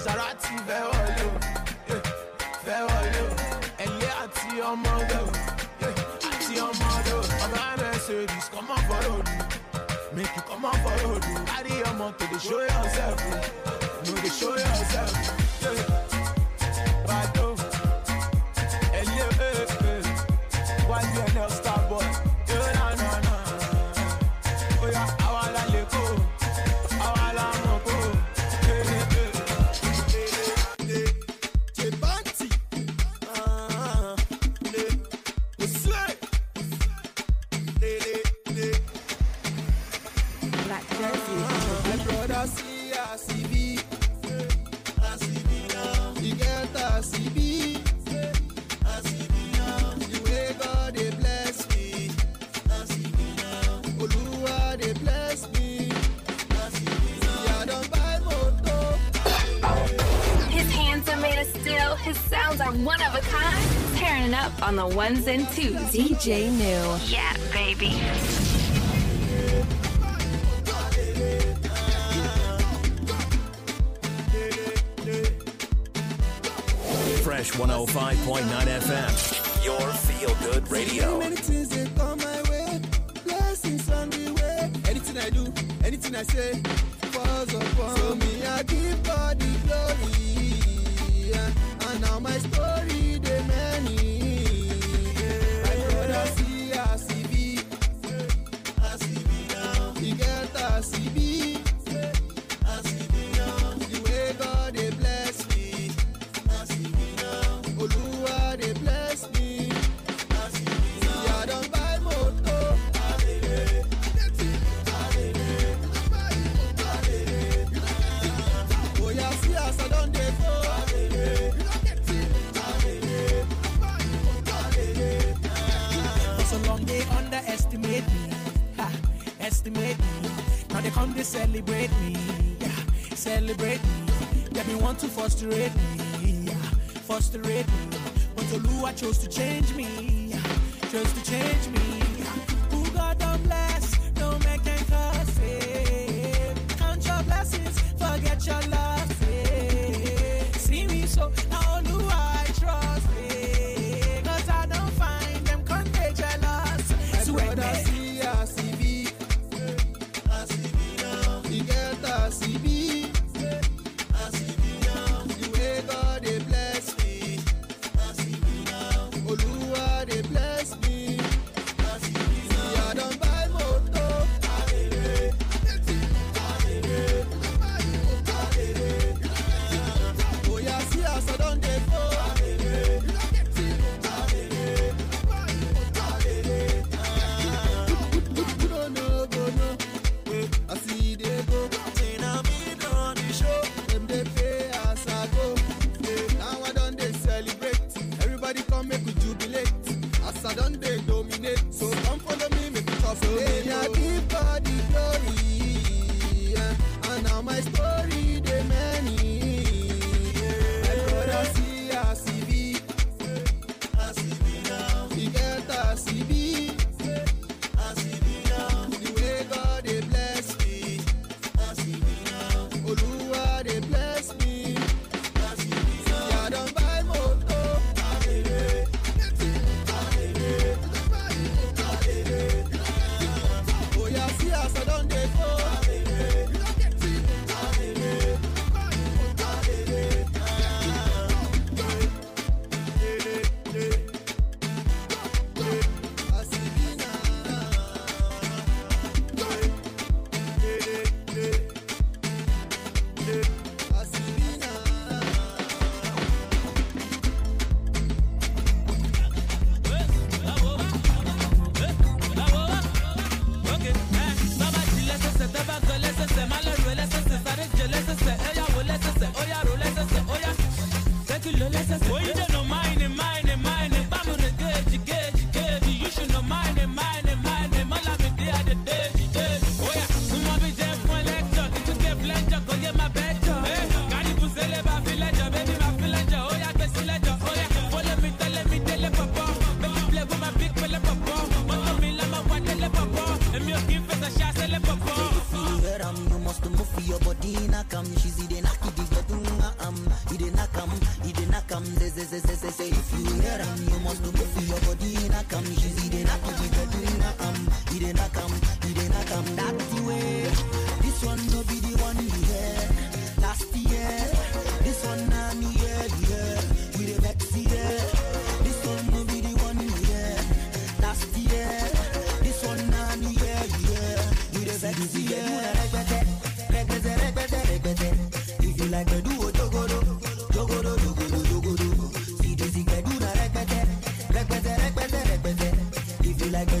Maserati fẹ́ wọlé o fẹ́ wọlé o ẹ̀yẹ́ àti ọmọ ọdọ àti ọmọ ọdọ ọ̀gá rẹ̀ ṣèlú make you comot for road carry your motor dey show yourself no dey show yourself. Yeah. J. New.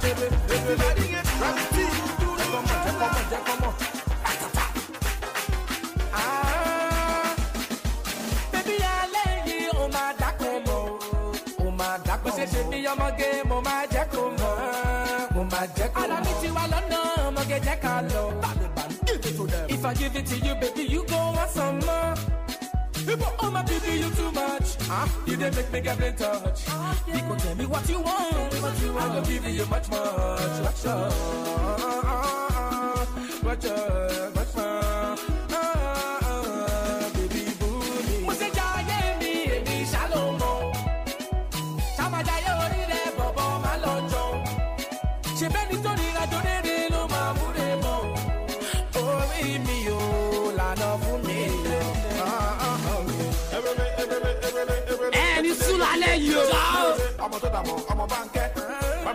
Ah, baby, I lay Say, game i you alone, If I give it to you, baby. You didn't make me get in touch. Oh, You could tell me what you want. I you want. I give you much, much. Watch out.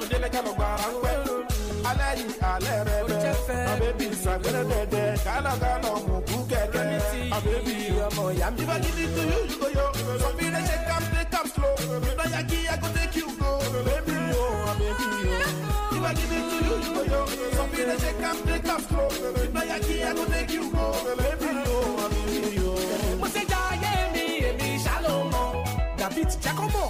délé ká lọ gbàrà ń pẹ́ alẹ́ yìí alẹ́ rẹ bẹ́ àbẹ́bí dẹ́dẹ́ kálọ̀kálọ̀ kú kẹ̀kẹ́ àbẹ́bí ọmọ ìyá mi. ìfẹ́ gidi yóò yó some village dey calm dey calm slow ìfẹ́ yá kí i go take you go baby yo àbẹ́bí yo. ìfẹ́ gidi tó yóò yóò yó some village dey calm dey calm slow ìfẹ́ yá kí i go take you go baby yo àbẹ́bí yo. mo ṣe jẹ́ ayé mi èmi ṣá mọ̀ david jacobo.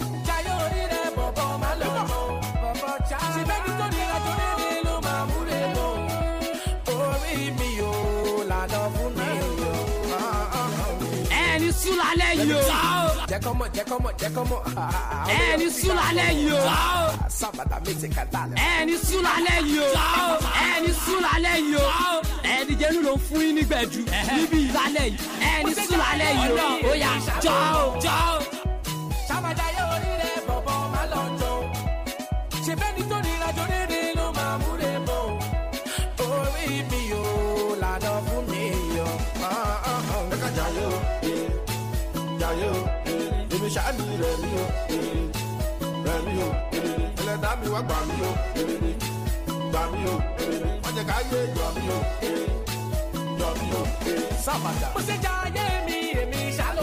sú lálẹ́ yìí o. jẹ́kọ́mọ̀ jẹ́kọ́mọ̀ jẹ́kọ́mọ̀. ẹni sú lálẹ́ yìí o. sábàtà méje kàtà lẹ. ẹni sú lálẹ́ yìí o. ẹni sú lálẹ́ yìí o. ẹni jẹ́nu ló ń fún yín nígbẹ̀dù níbi ìlálẹ̀ yìí. ẹni sú lálẹ́ yìí o. ó yá jọ́ o. ṣáàdì rẹ̀ mí o rẹ̀ mí o ẹlẹ́dá mi wá gbà mí o gbà mí o wọ́n jẹ́ ká yé yọ mí o yọ mí o sábàdà. mo ṣe jayé mi èmi ṣàlọ́.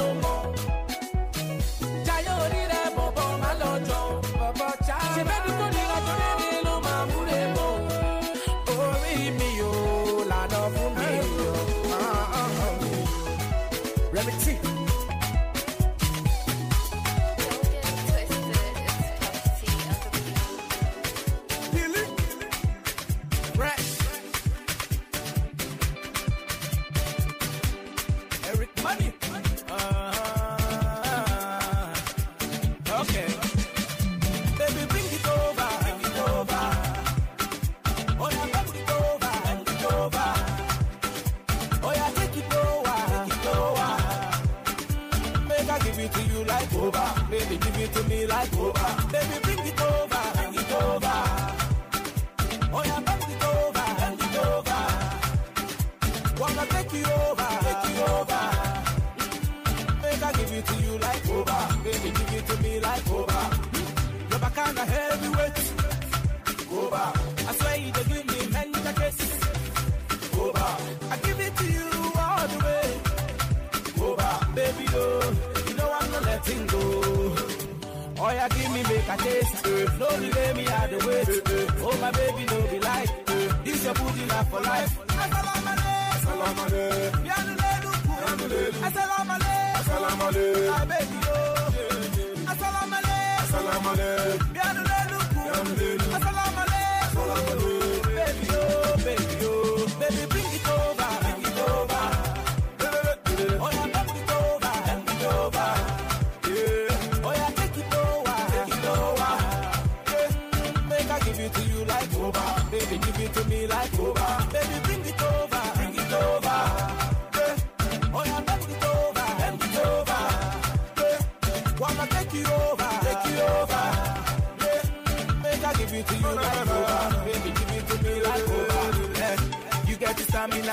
stamina. Uh,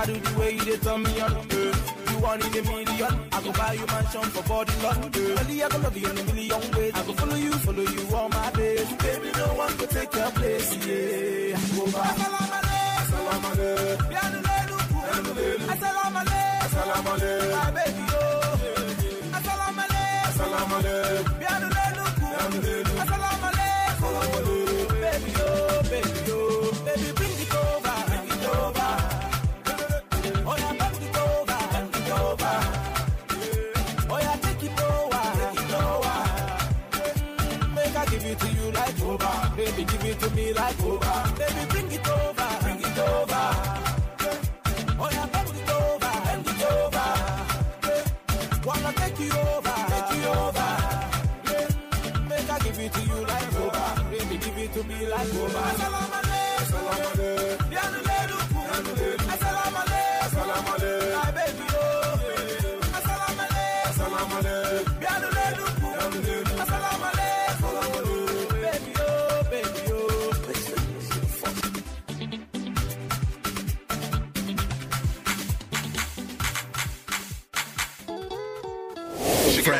I do the way you turn me on. Uh, you one in a million. I go buy you mansion for body lot. only I go love you in a million ways. I go follow you, follow you all my days. Baby, no one go take your place. Yeah. Assalamu oh. alaikum. Assalamu alaikum. Assalamu alaikum. Assalamu alaikum. Assalamu alaikum. like over. Baby, bring it over. Bring it over. Oh, yeah, bring it over. Bring it over. Wanna take you over. Take you over. Make I give it to you like over. Baby, give it to me like over. Salamale. Salamale.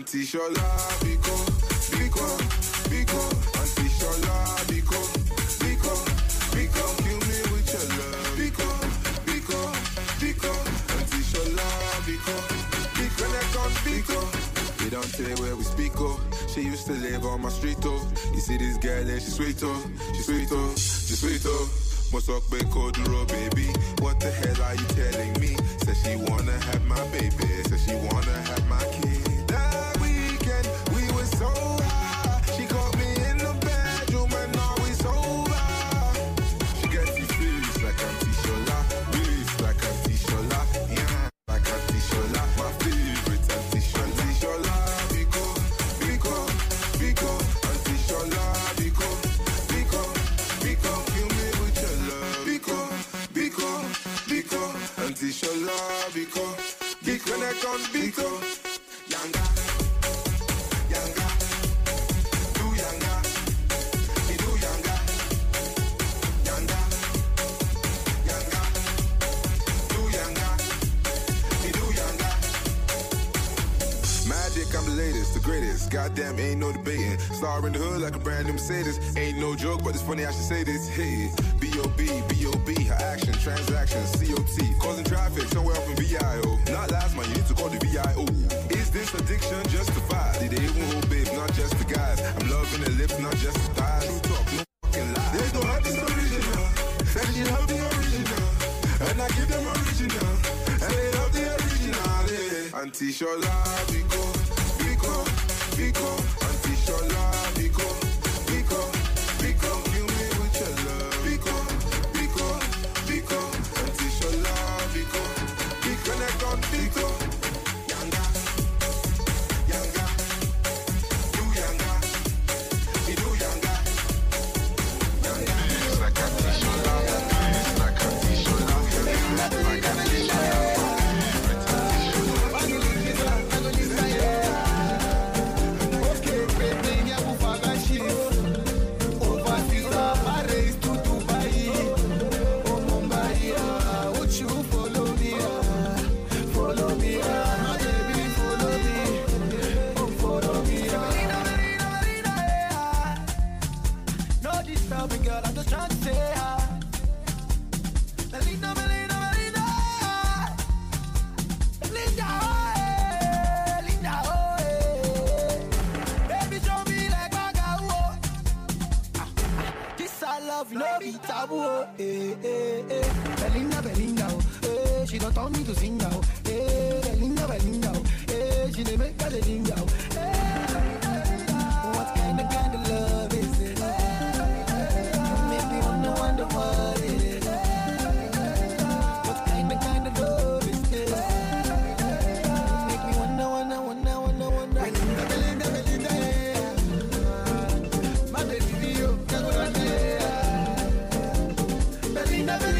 Auntie Shola Biko, Biko, Biko, Auntie Shola Biko, Biko, Biko, kill me with your love. Biko, Biko, Biko, Auntie Shola Biko, Biko, when I come Biko. We don't say where we speak, oh. She used to live on my street, oh. You see this girl, and she's sweet, oh. She's sweet, oh. She's sweet, oh. mo sọ dúró baby what the hell are you telling me say she wanna have my baby say she wanna have my kid. car in the hood like a brand new Mercedes. Ain't no joke, but it's funny I should say this. Hey, B.O.B., B.O.B., her action, transaction, C.O.T. Causing traffic somewhere up in V.I.O. Not last man, you need to call the V.I.O. Is this addiction justified? Did they even hold babes, not just the guys? I'm loving the lips, not just the thighs. True talk, no fucking lies. There's no happy original, and you love the original. And I give them original, and they love the original. Yeah. Auntie Shola. never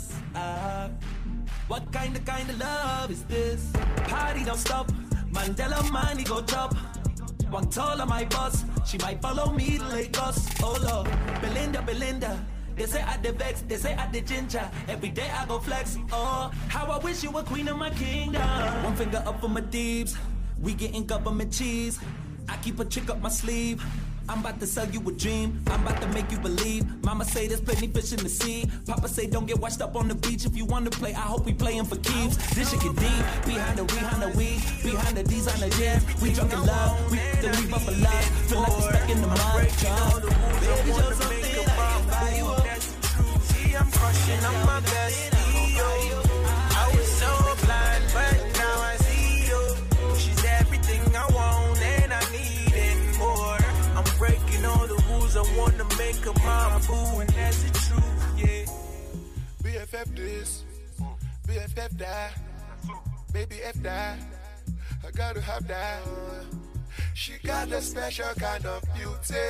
kind of kind of love is this? Party don't stop, Mandela money go drop. One on my boss, she might follow me to Lagos. Oh Lord, Belinda, Belinda. They say I the vex, they say I the ginger. Every day I go flex. Oh, how I wish you were queen of my kingdom. One finger up for my thieves. We getting government cheese. I keep a chick up my sleeve. I'm about to sell you a dream. I'm about to make you believe. Mama say there's plenty fish in the sea. Papa say don't get washed up on the beach. If you wanna play, I hope we playing for keeps. This shit get deep. Behind the the we, behind the D's on the jam. We drunk in love, we then we up a love. Feel like we stuck in the mud. Baby, just you. That's true. See, I'm crushing on my best. make a mama boo, and that's the truth, yeah. BFF this, BFF that, baby F that, I gotta have that. She got a special kind of beauty.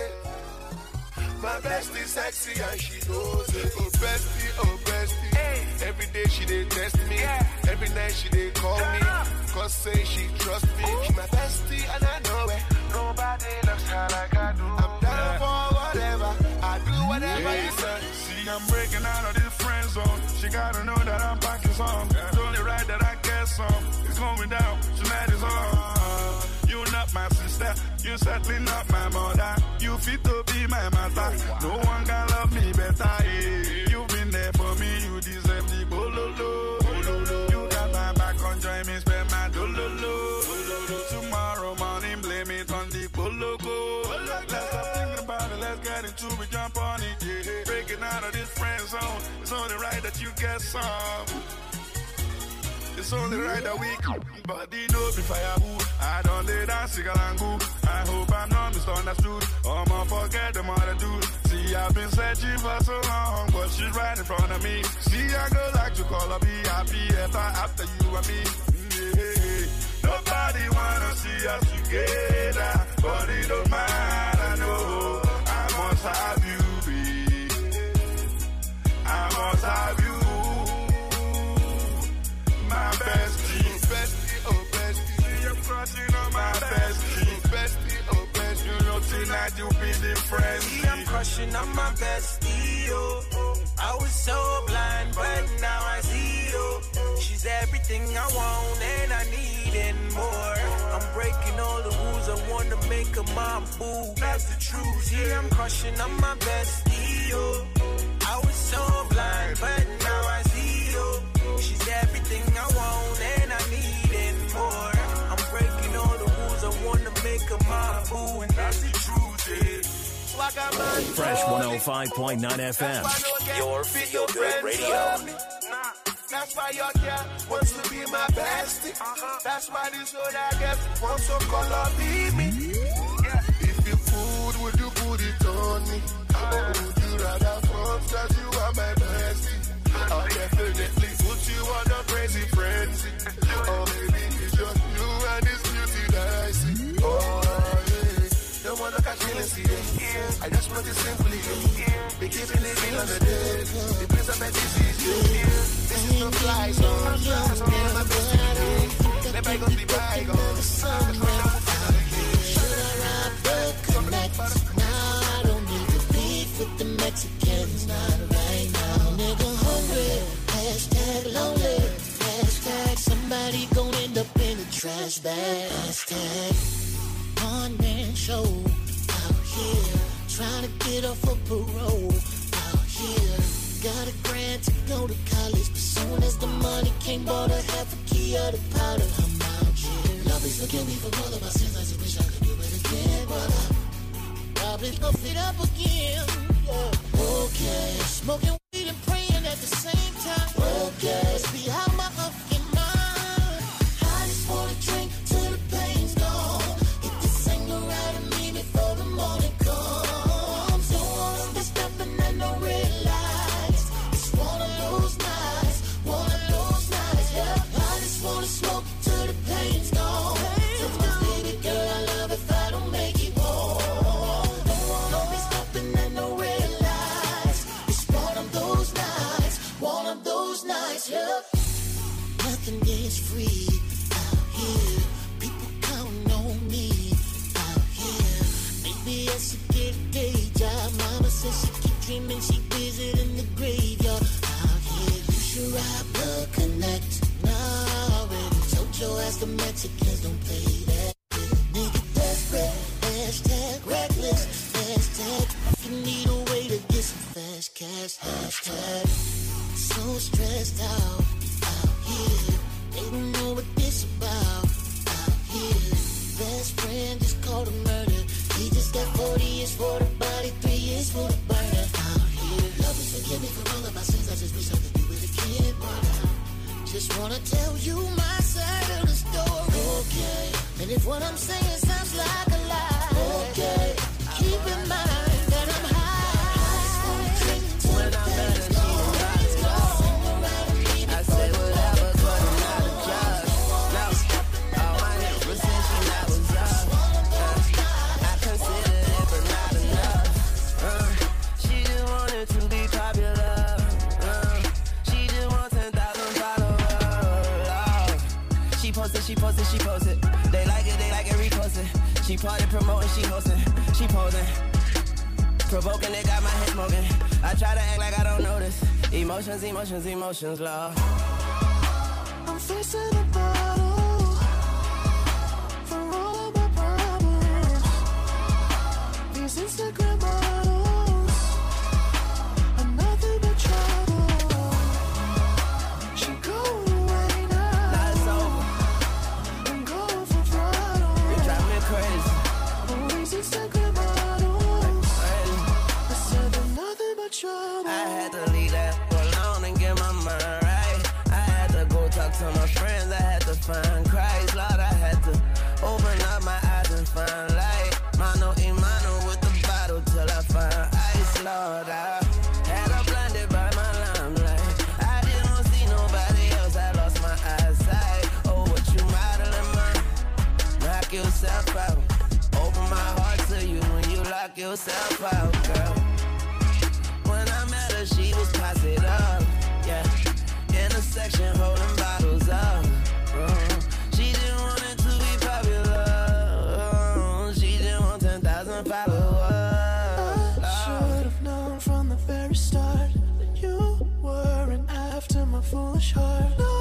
My bestie sexy and she knows it. Oh bestie, oh bestie. Hey. Every day she did test me. Yeah. Every night she did call me. Cause say she trust me. Ooh. She my bestie and I know it. Nobody looks her like I do. I'm down yeah. for whatever you say. See, I'm breaking out of this friend zone. She gotta know that I'm back is on. It's only right that I get some. It's going down, She tonight is on. You not my sister, you certainly not my mother. You fit to be my mother. No one can get some. Um, it's only right that we But body know be fire I don't lay down sigalangu. I hope I'm not misunderstood. I'ma forget the mother dude. See, I've been searching for so long, but she's right in front of me. See, I go like to call her be happy after you and me. Yeah. Nobody wanna see us together, but it don't matter, no. I must have you be. I must have you my bestie, bestie, oh bestie. See you crushing on my bestie, bestie, oh bestie. You know tonight you will be the friend. See I'm crushing on my bestie, oh. I was so blind, but now I see you. She's everything I want and I need and more. I'm breaking all the rules, I wanna make her my boo. That's the truth, yeah, I'm crushing on my bestie, oh. I was so blind, but fool, and that's the truth, Fresh 105.9 FM. Your good radio. That's why your wants to be my bestie. Uh-huh. That's why this old I wants to me. Yeah. If you would you put it on me? Uh-huh. Or would you rather fuck that you are my bestie? Uh-huh. I'll definitely put you on a crazy frenzy. oh, baby, it's just you and this beauty that I see. Oh, see Yeah. I just want it simply. Yeah. They giving it real on the dead. The pills are bad disease. Yeah. This is no fly zone. I'm just to get my best to Let bygones be bygones. Cause right now Should I not but connect? Now I don't need to beef with the Mexicans. Not right now. hungry. lonely. somebody gon' end up in a trash bag. Hashtag one man show here trying to get off of parole. Out here, got a grant to go to college, but soon as the money came, bought a half a key of powder. I'm out here. Love is forgive me for all of my sins. I just wish I could do it again, but I probably go it up again. Yeah. Okay, smoking. Emotions, emotions, love. I'm facing a thought I had her blinded by my limelight. I didn't see nobody else, I lost my eyesight. Oh, what you modeling, man? Knock yourself out. Open my heart to you when you lock yourself out, girl. When I met her, she was up. yeah. intersection a holding bottles. fall short. No.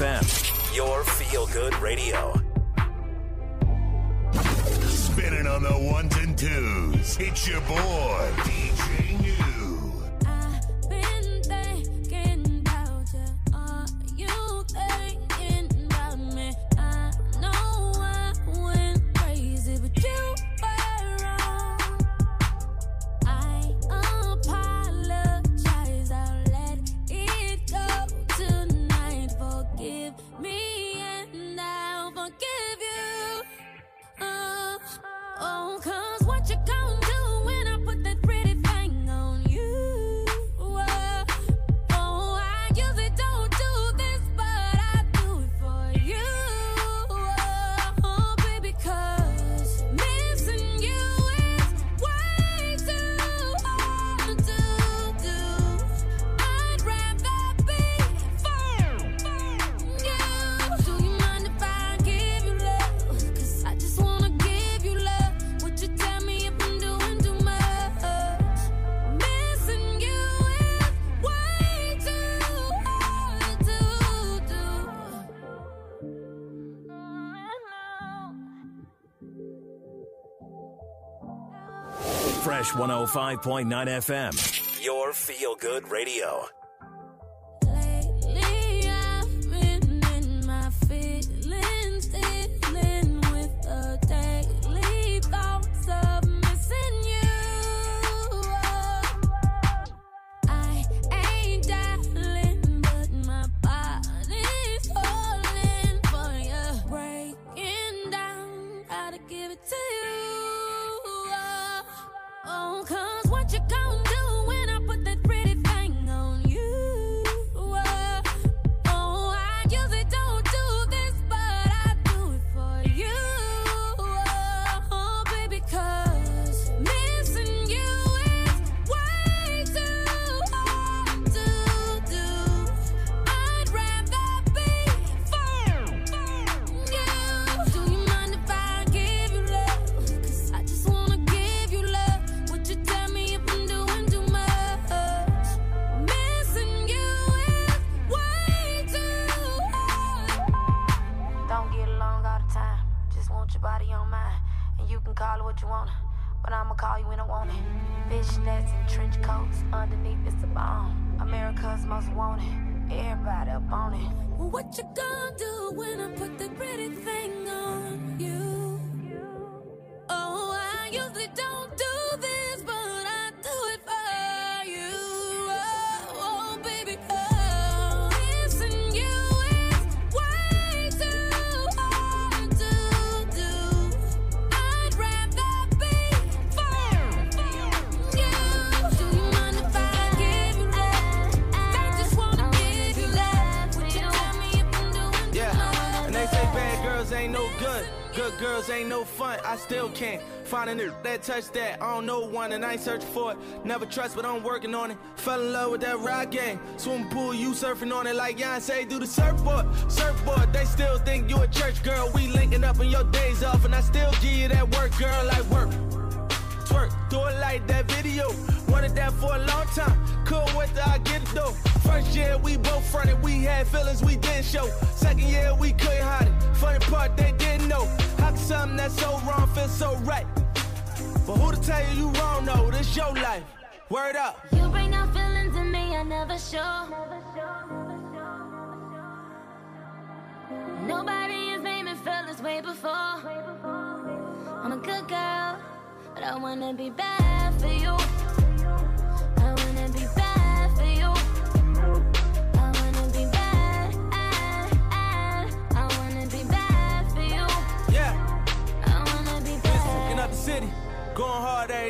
FM, your feel good radio. Spinning on the ones and twos. It's your boy, 105.9 FM, your feel good radio. still can't find a new that touch that. I don't know one and I ain't searching for it. Never trust, but I'm working on it. Fell in love with that rock gang, Swim pool, you surfing on it like say do the surfboard. Surfboard, they still think you a church girl. We linking up in your days off, and I still give you that work, girl, like work. Twerk, do it like that video. Wanted that for a long time. Cool with the I get it though. First year we both fronted, we had feelings we didn't show. Second year we couldn't hide it. Funny part, they didn't know. How could something that's so wrong feel so right? But who to tell you you wrong, no, this your life. Word up. You bring out feelings in me I never show. Nobody has made me feel this way before. I'm a good girl, but I wanna be bad for you.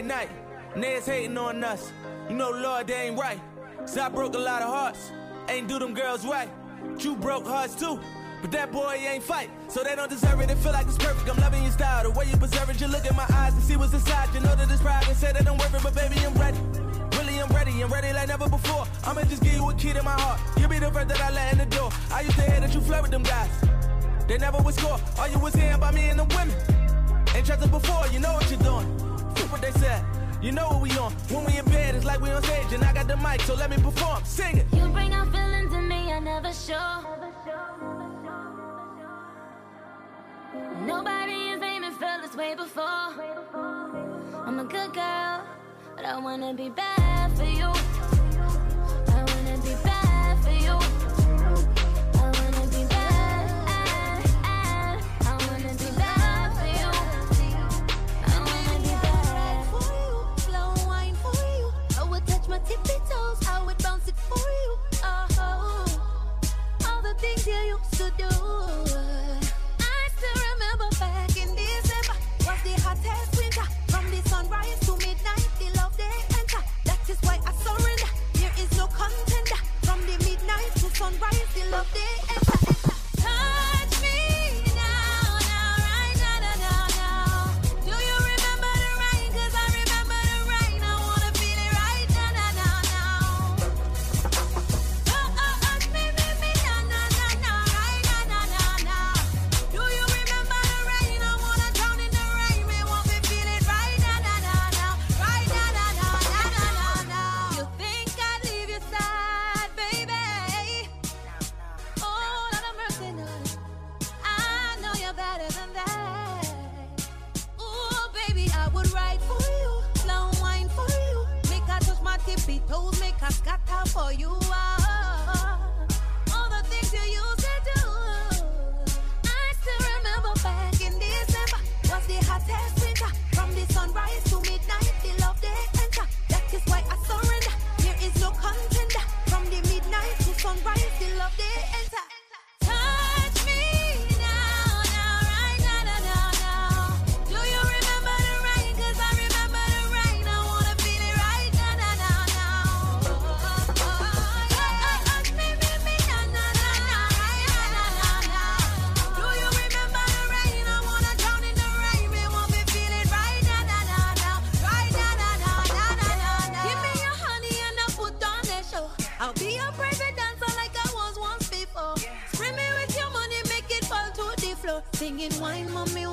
night. Niggas hating on us. You know, Lord, they ain't right. Cause I broke a lot of hearts. Ain't do them girls right. You broke hearts too. But that boy ain't fight, so they don't deserve it. It feel like it's perfect. I'm loving your style, the way you preserve it. You look in my eyes and see what's inside. You know that it's and Say that I'm it. but baby, I'm ready. Really, I'm ready. I'm ready like never before. I'ma just give you a key to my heart. You be the first that I let in the door. I used to hear that you flirt with them guys. They never would score. All you was hearing about me and the women. Ain't trusted before. You know what you're doing what they said. You know what we on. When we in bed, it's like we on stage, and I got the mic, so let me perform. Sing it. You bring out feelings in me, I never show. Nobody has aimed and felt this way before. I'm a good girl, but I wanna be bad for you. things you used to do. I still remember back in December was the hottest winter. From the sunrise to midnight, the love they enter. That is why I surrender. There is no contender. From the midnight to sunrise, the love they and wine, mommy.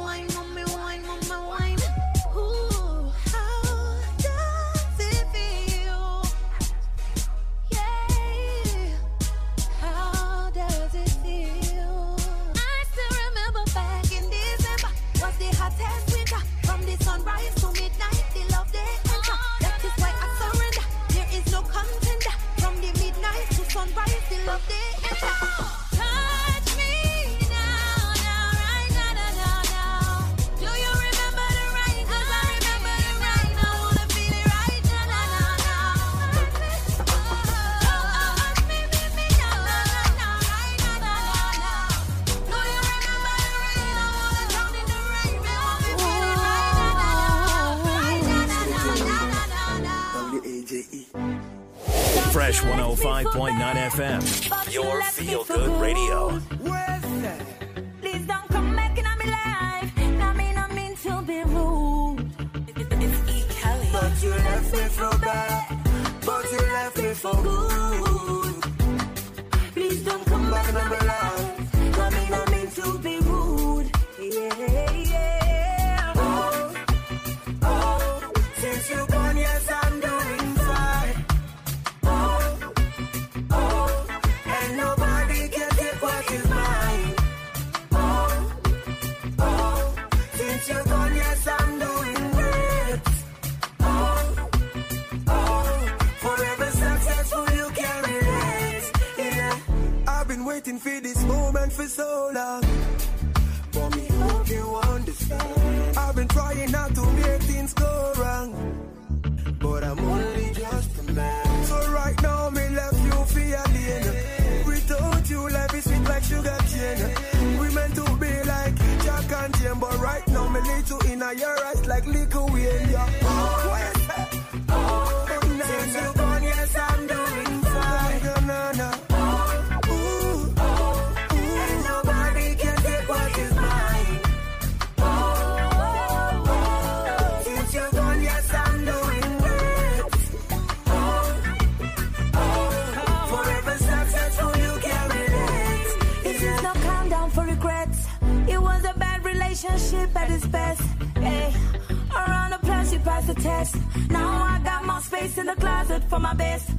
in the closet for my best.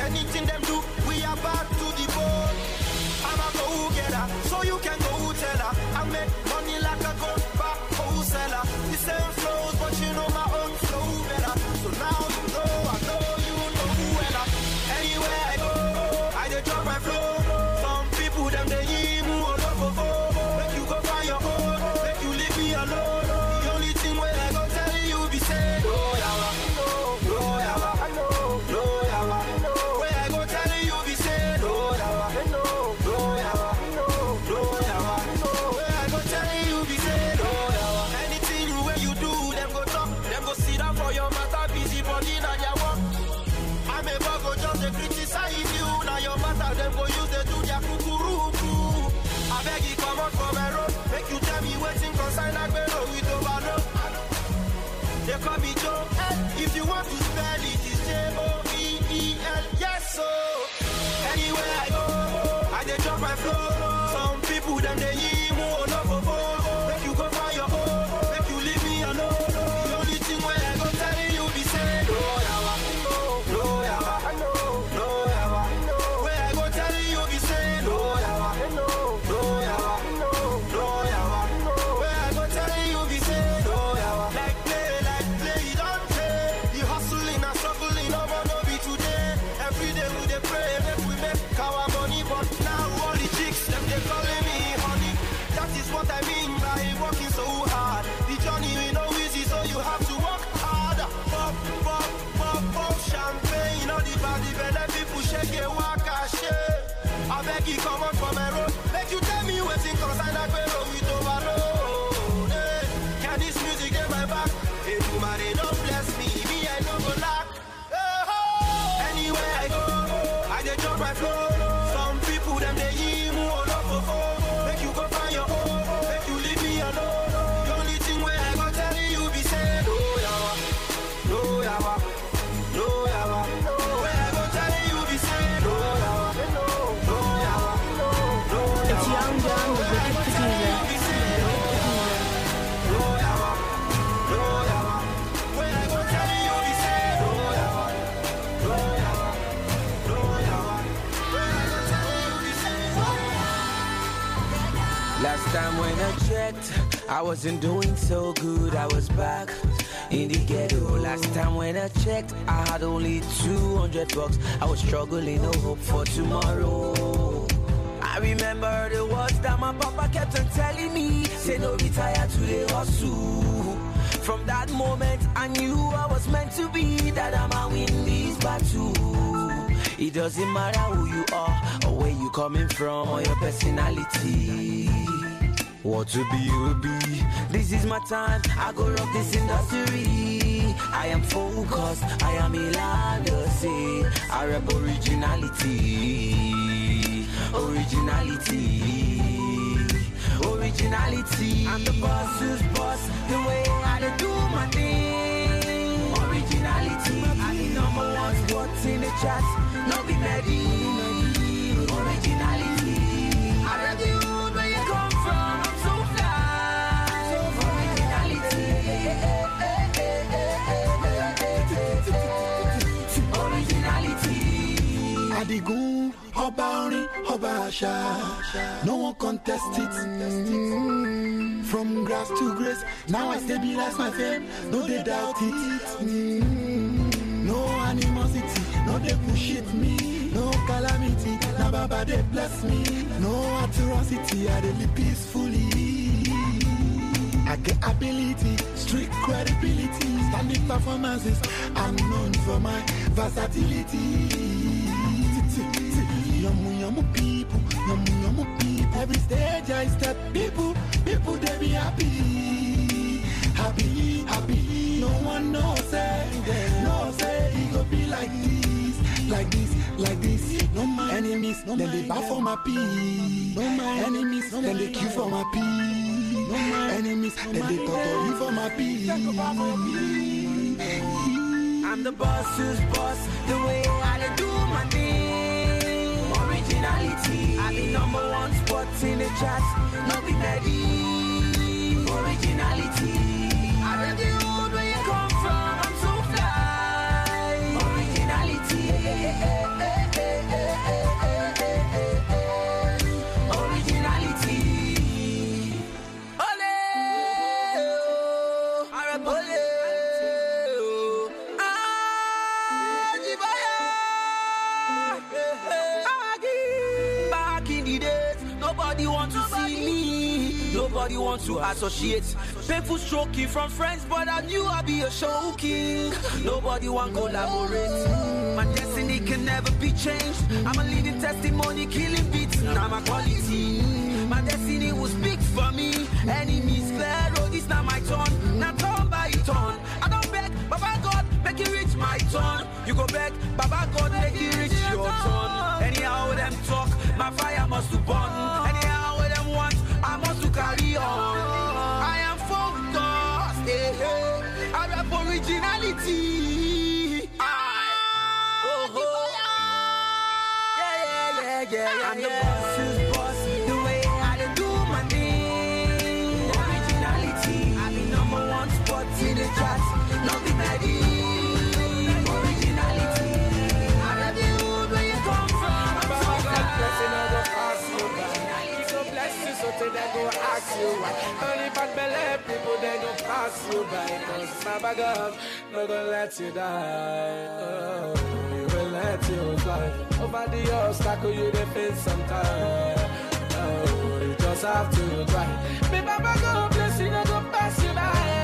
anything them be Joe. If you want to spell it, it's J O E E L. Yes, so anywhere I go, I just drop my flow. Some people them they. I beg you, come on from my road. Make you tell me. I wasn't doing so good, I was back in the ghetto. Last time when I checked, I had only 200 bucks. I was struggling, no hope for tomorrow. I remember the words that my papa kept on telling me. Say no retire to the hustle. From that moment, I knew I was meant to be. That I'ma win this battle. It doesn't matter who you are or where you coming from or your personality. What to be will be. This is my time. I go rock this industry. I am focused. I am I Arab originality. Originality. Originality. I'm the who's boss. The way I do my thing. Originality. I'm the number one spot in the chat. No be ready. Adigun, ọba orin, ọba àṣà. No one contest it. Mm. From grass to grace, now I stabilize my fame. No dey doubt it. Mm. No animosity, no dey push it me. No calamity, na baba dey bless me. No atrocity, I dey live peacefully. I get ability, strict credibility, standing performances. I'm known for my versatility. Yamu yamu people, yamu yamu people. Every stage I step, people, people they be happy, happy, happy. No one knows say, no say It go be like this, like this, like this. No my enemies, no then they bow for my peace. No my enemies, then they kill for my peace. No my enemies, then they torture to for my peace. I'm the boss, who's boss, the way I do my thing originality. I be number one spot in the charts. No be ready. Originality. I read the old where you come from. I'm so fly. Originality. Hey, hey, hey, nobody wants to associate. Painful stroking from friends, but I knew I'd be a show king. Nobody want collaborate. My destiny can never be changed. I'm a living testimony, killing beats. Now my quality. My destiny will speak for me. Enemies clear, oh, this not my turn. Now turn by turn. I don't beg, Baba God, make it reach my turn. You go back, Baba God, make it reach your turn. Anyhow, them talk, my fire must burn. on. they go ask you why. Only bad belly people, they go pass you by. Cause Baba God, no gonna let you die. Oh, you will let you fly. Over the obstacle you dey face sometimes. Oh, you just have to try. Me Baba God bless you, no go pass you by.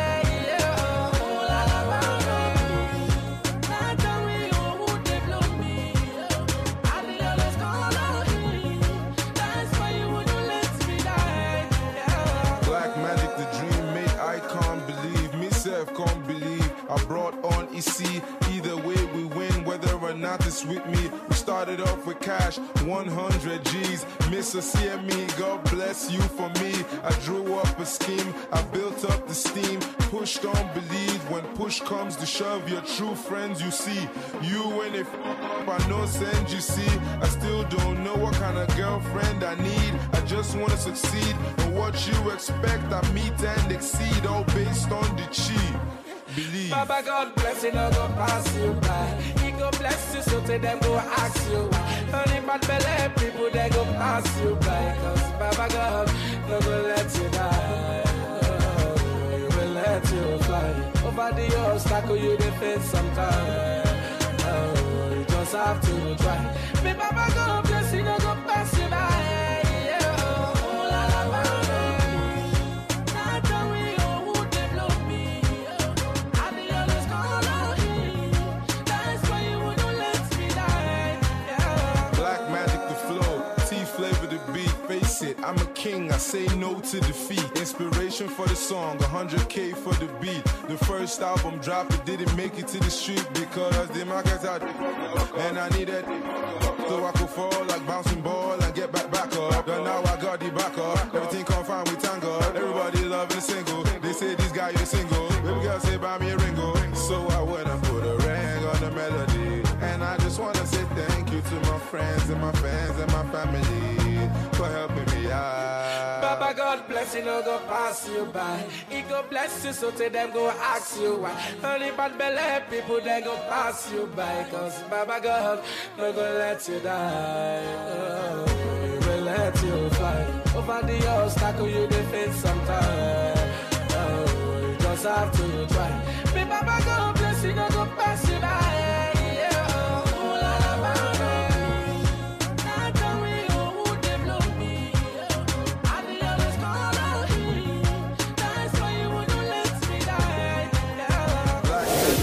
this with me. We started off with cash, 100 G's. Mr. CME, God bless you for me. I drew up a scheme, I built up the steam. Push don't believe when push comes to shove. Your true friends you see, you and if I know send you see. I still don't know what kind of girlfriend I need. I just wanna succeed, and what you expect I meet and exceed, all based on the cheat. Believe. Baba God bless you, no go pass you by go bless you, so today them go ask you. Only bad belly people, they go pass you by. Cause Baba God, no go let you die. He will let you fly. Over the obstacle you defend sometimes. Oh, you just have to try. Me Baba God bless you, no go pass you by. king, I say no to defeat. Inspiration for the song, 100k for the beat. The first album dropped, it didn't make it to the street because the market's out. And I needed so I could fall like bouncing ball and get back back up. But now I got the backup. Everything come fine with tango. Everybody loving the single. They say this guy is single. Baby girl say buy me a ringo. So I went and put a ring on the melody. And I just wanna say thank you to my friends. Sometimes no go pass you by. He go bless you, so till them go ask you why. Only bad belly people they go pass you by. Cause Baba God no go let you die. Oh, he will let you fly. Over the obstacle you defeat sometime. Oh, you just have to try. Me Baba God bless you.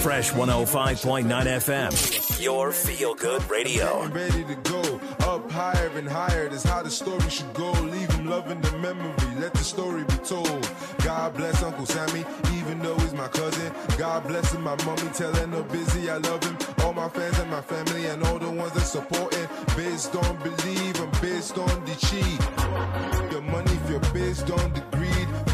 Fresh 105.9 FM, your feel good radio. ready to go up higher and higher. how the story should go. Leave him loving the memory. Let the story be told. God bless Uncle Sammy, even though he's my cousin. God bless him, my mommy, telling her busy. I love him. All my fans and my family and all the ones that Based on believe, I'm based on the cheat. money based on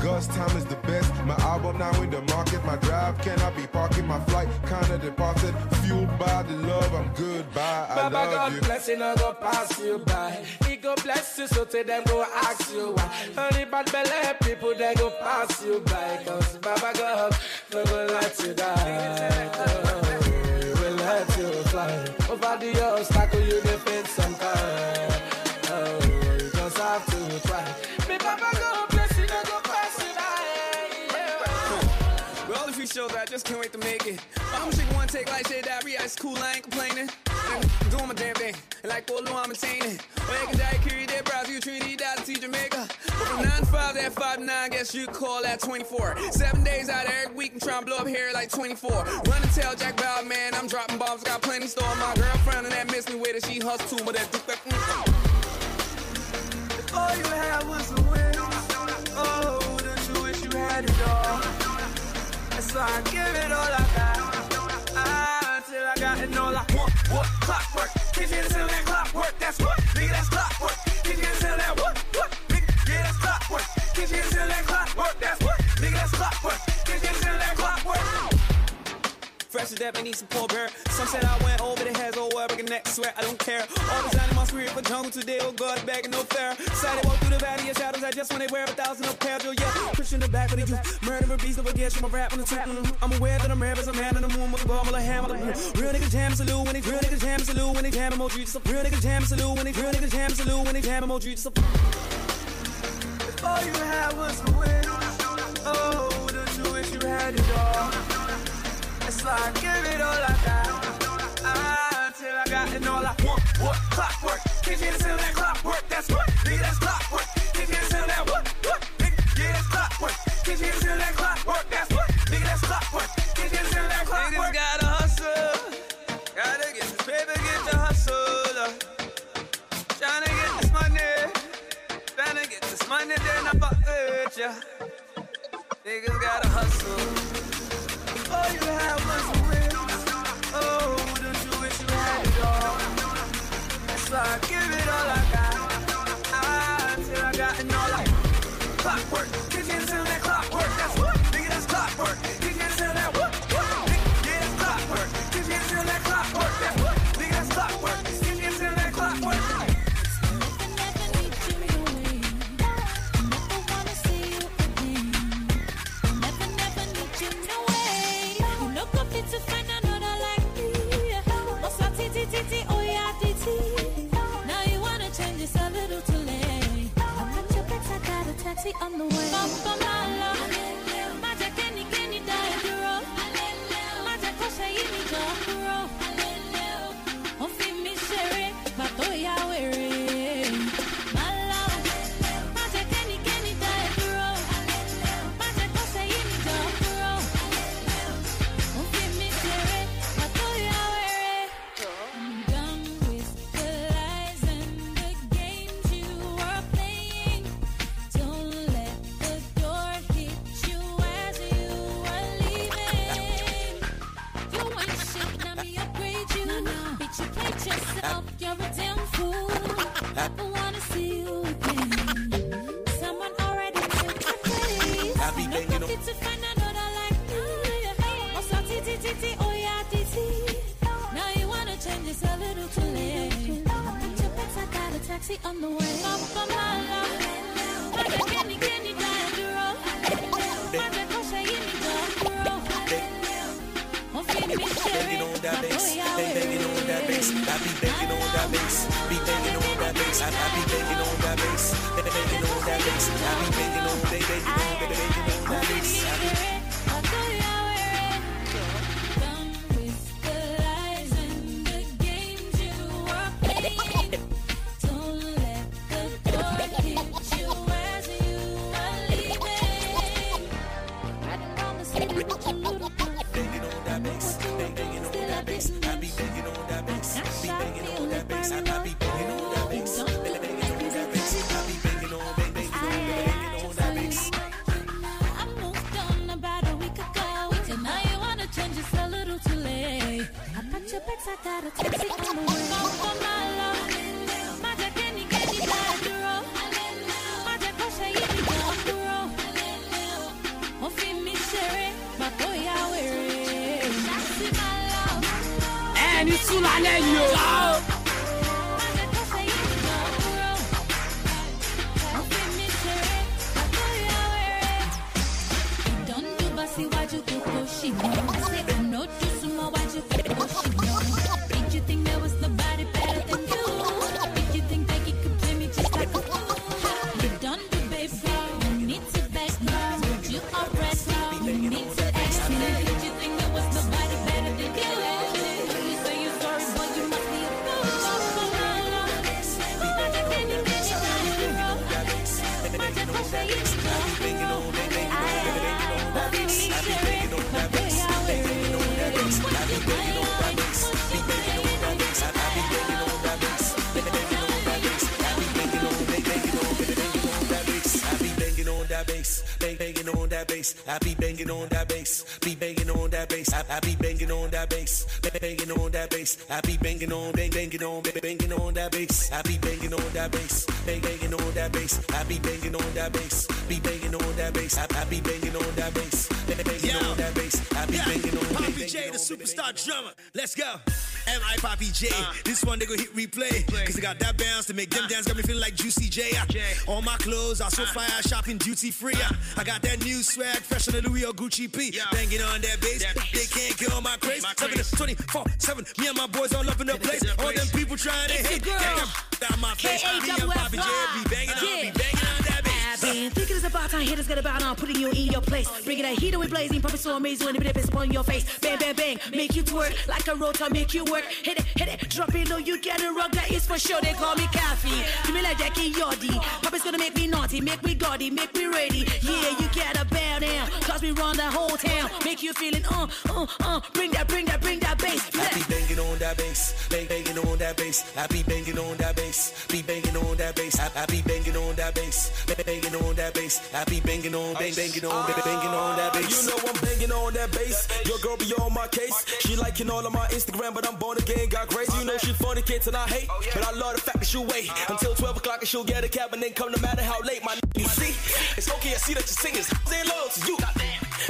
Gus time is the best. My album now in the market. My drive cannot be parking. My flight kinda departed. Fueled by the love, I'm goodbye. I Baba love God you. blessing, I go pass you by. He go bless you, so to them go ask you why. Only bad belly people, they go pass you by. Cause Baba God, no go let you die. We'll let you fly over the obstacles. make it. I'm chick one take like shit diary, react, cool, I ain't complaining. doing my damn thing, and like Polo, I'm attaining. Well, can die, carry that browse, you Trinity, Dallas, to Jamaica. from 9 to 5, that 5 to 9, guess you call that 24. Seven days out of every week, I'm trying to blow up hair like 24. Run and tell Jack Bauer, man, I'm dropping bombs, got plenty store. My girlfriend and that miss me with it, she hustles too, but that duke that. Mm. If all you had was a win, oh, don't you wish you had it all? So I give it all I got. Ah, till I got it all I want. What? Clockwork. Keep dancing like Fresh as that, I need some poor bear. Some said I went over the heads, oh, where I can next swear, I don't care. All the time in my spirit for jungle today, oh, God, back no fair. Sad, walk through the valley of shadows, I just want to wear a thousand of pair, oh, yeah. Christian in the back of the youth, murderer, beast, never get you, my rap on the tip. Mm-hmm. I'm aware that I'm rare, but I'm man in the moon with a bomb, a hammer. Real nigga jam, salute when they, real nigga jam, salute when they jam emoji, just a real nigga jam, salute when they, real nigga jam, salute when they jam emoji, just a. all you had was a win, oh, don't you wish you had it all? So give it all I got. until ah, I got it all I want. What? Clockwork. Keep me until that clockwork. That's what. Nigga, that's clockwork. Keep me until that what? What? Nigga, yeah, that's clockwork. Keep me until that clockwork. That's what. Nigga, that's clockwork. Keep me until that clockwork. Niggas gotta hustle. Gotta get this paper, get the hustle Tryna get this money. Tryna get this money, then I fuck with ya. Niggas gotta hustle. All you had was Oh, don't you wish you had it all? I give it all I got. I, ah, till I got enough. sexy on the way. Bass. bang bang banging on that bass. I be banging on that bass. Be banging on that bass. I, I be banging on that bass. Be banging on that bass. I be banging on, bang banging on, banging on that bass. I be banging on that bass. Bang banging on that bass. I be banging on that bass. Be banging on that bass. I, I be banging on that bass. Bang banging on that bass. I be banging on. Poppy J, the superstar drummer. Let's go. Am I Poppy J. this one they go hit replay. Cause I got that bounce to make them dance. Got me feeling like Juicy J. All my clothes are so fire, shopping duty free. Uh, I got that that new swag, fresh on the Louis or Gucci P. Yeah. Banging on that bass, that they can't kill my craze. Seven craze. 24 7, me and my boys all up in the place. All them people trying to it's hate. Out my face, me and Bobby J be banging on, be banging on that then. Thinking it's about time haters get about on putting you in your place. Bringing that heat away blazing, pumping so amazing when the bit is on your face. Bang, bang, bang, make you twerk like a rotor, make you work. Hit it, hit it, drop it low, you get a rock, that is for sure. They call me Kathy. Give me like Jackie Yardy. Puppet's gonna make me naughty, make me gaudy, make me ready. Yeah, you gotta bow down, cause we run the whole town. Make you feeling, uh, uh, uh, bring that, bring that, bring that bass. I be banging on that bass, bang, banging on that bass. I be banging on that bass, be banging on that bass. I, I be banging on that bass, bang, banging banging on that bass. I be banging on, bang, banging on, bang, banging on that bass. You know I'm banging on that bass. Your girl be on my case. She liking all of my Instagram, but I'm born again, got grace. You know she funny kids and I hate, but I love the fact that she wait until 12 o'clock and she'll get a cab and then come no matter how late. My you see, it's okay. I see that you're singing. Say low to you.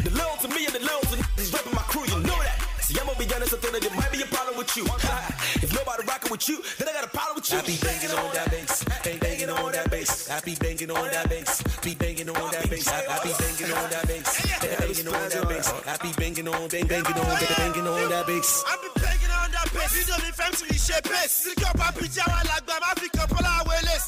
The loyal to me and the loyal to is rapping my crew. You know that. See, I'm gonna be honest. I think that there might be a problem with you. if nobody rocking with you, then I got a problem with you. I be banging on that bass. Bang, bang banging on that bass. I be banging on that bass. Be banging on that bass. I be banging on that bass. Banging on that bass. I be banging on, bang, banging on, banging on that bass. I be banging on that bass. You don't fam to share bass. Sick up, I be jawa like bam. I pick up all our wayless.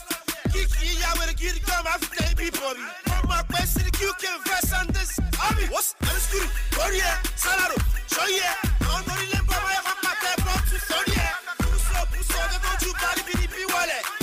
Kick in ya with a kid come. I play me. From my quest to the QK verse and this. I be what's I'm screwed. Oh yeah, salaro. Show yeah. I'm not in the bar. I'm not there. Bro, to Sonia. Push up, push up. Don't you body be the wallet.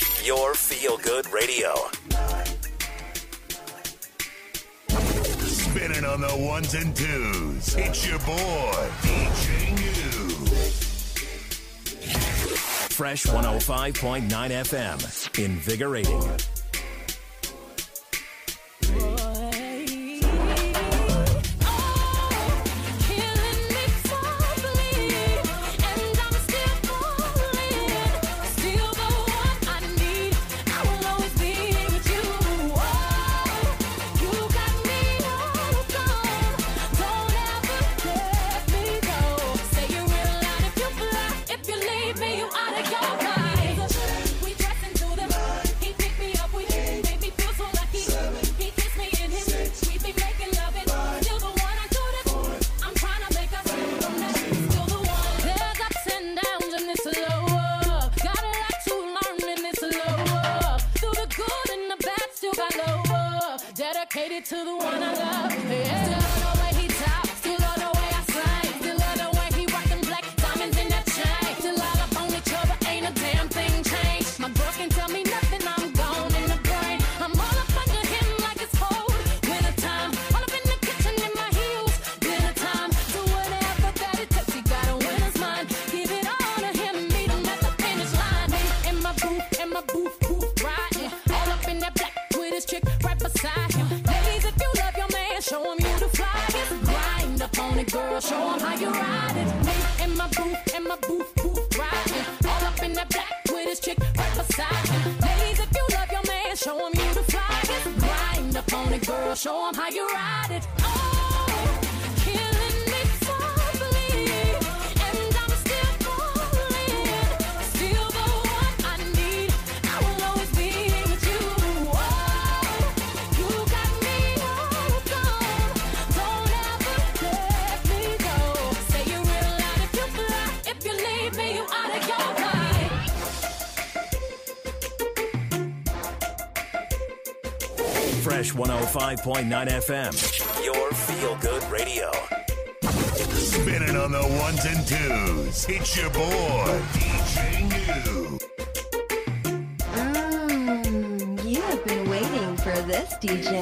your feel good radio. Spinning on the ones and twos. It's your boy, DJ New. Fresh 105.9 FM. Invigorating. 101.9 FM, your feel good radio. Spinning on the ones and twos. It's your boy, DJ New. Mm, you have been waiting for this, DJ.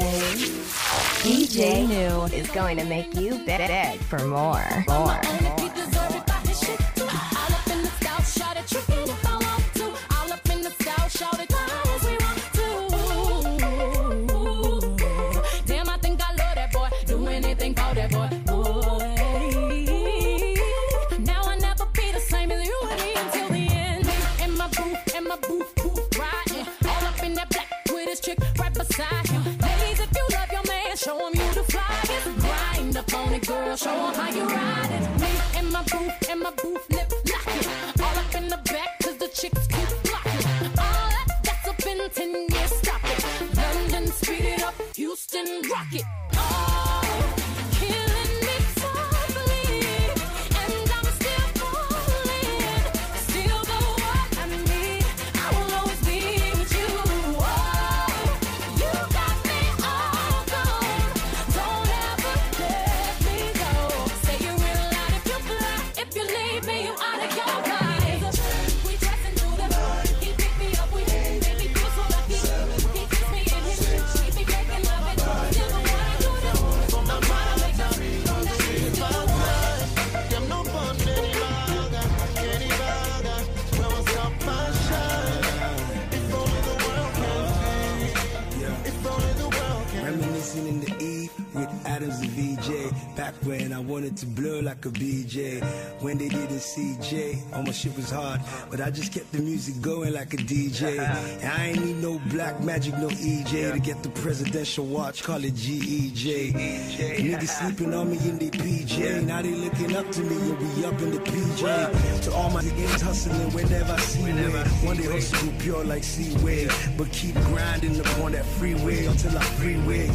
DJ New is going to make you beg for more. More. more. beside him. Ladies, if you love your man, show him you the flyest. Grind up on it, girl, show him how you ride it. shit was hard, but I just kept the music going like a DJ. Black Magic, no EJ yeah. to get the presidential watch, call it GEJ. Yeah. Niggas sleeping on me in the PJ. Yeah. Now they looking up to me when we up in the PJ. To all my niggas hustling whenever I see them. way. I see One day hustle pure like Seaway. But keep grinding upon that freeway until I freeway.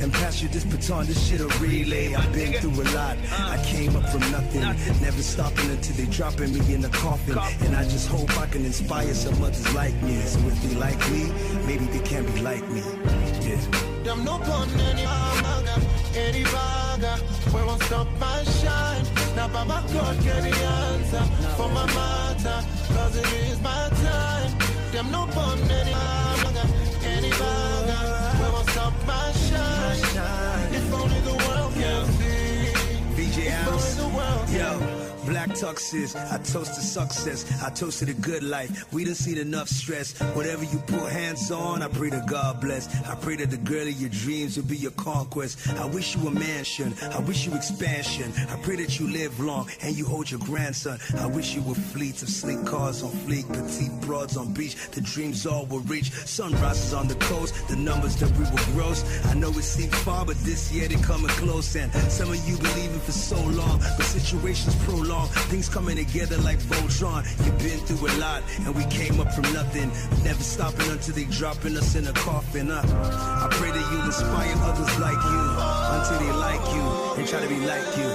And pass you this baton, this shit a relay. I've been through a lot. Uh, I came up from nothing. nothing. Never stopping until they dropping me in the coffin. coffin. And I just hope I can inspire some others like me. So if they like me, maybe lady they can't be like me. Yeah. no pun any any won't stop my shine. Now by my God get the answer for my matter. Cause it is my time. no pun any any won't stop my shine. If only the world can see. If only the world can see black tuxes. I toast to success. I toast to the good life. We done seen enough stress. Whatever you put hands on, I pray to God bless. I pray that the girl of your dreams will be your conquest. I wish you a mansion. I wish you expansion. I pray that you live long and you hold your grandson. I wish you a fleets of sleek cars on fleek, petite broads on beach. The dreams all will reach. Sunrises on the coast. The numbers that we will gross. I know it seems far, but this year they coming close. And some of you believing for so long, but situations prolong. Things coming together like Voltron. You've been through a lot, and we came up from nothing. Never stopping until they dropping us in a coffin. Uh, I pray that you inspire others like you until they like you and try to be like you.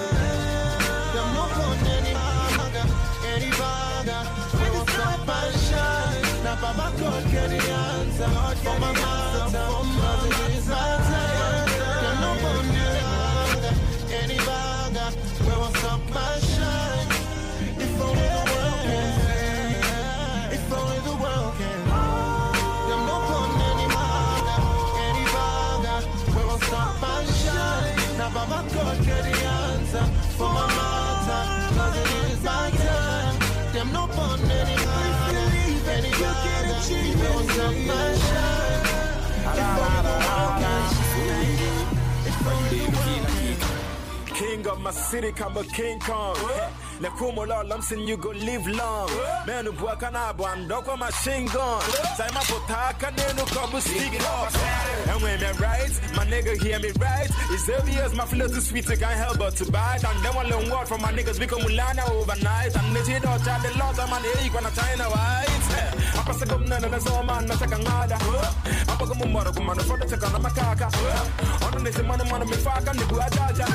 king of my city, come a King Kong. Na kumolo lamsin you go live long. Man Menu buaka na bwandoko machine gun. Sai mapotaka nenu kobu stick on. And when I write, my nigga hear me right. It's obvious my flow too sweet, I can't help but to bite. And then one long word from my niggas, we come Mulana overnight. And they hit all child, the lot of man, hey, you wanna China white. I pass a gum, none of I summer, man, I take a nada. I am a mumma, come on, the photo, I'm a caca. On the same money, money, me fuck, and the good jaja.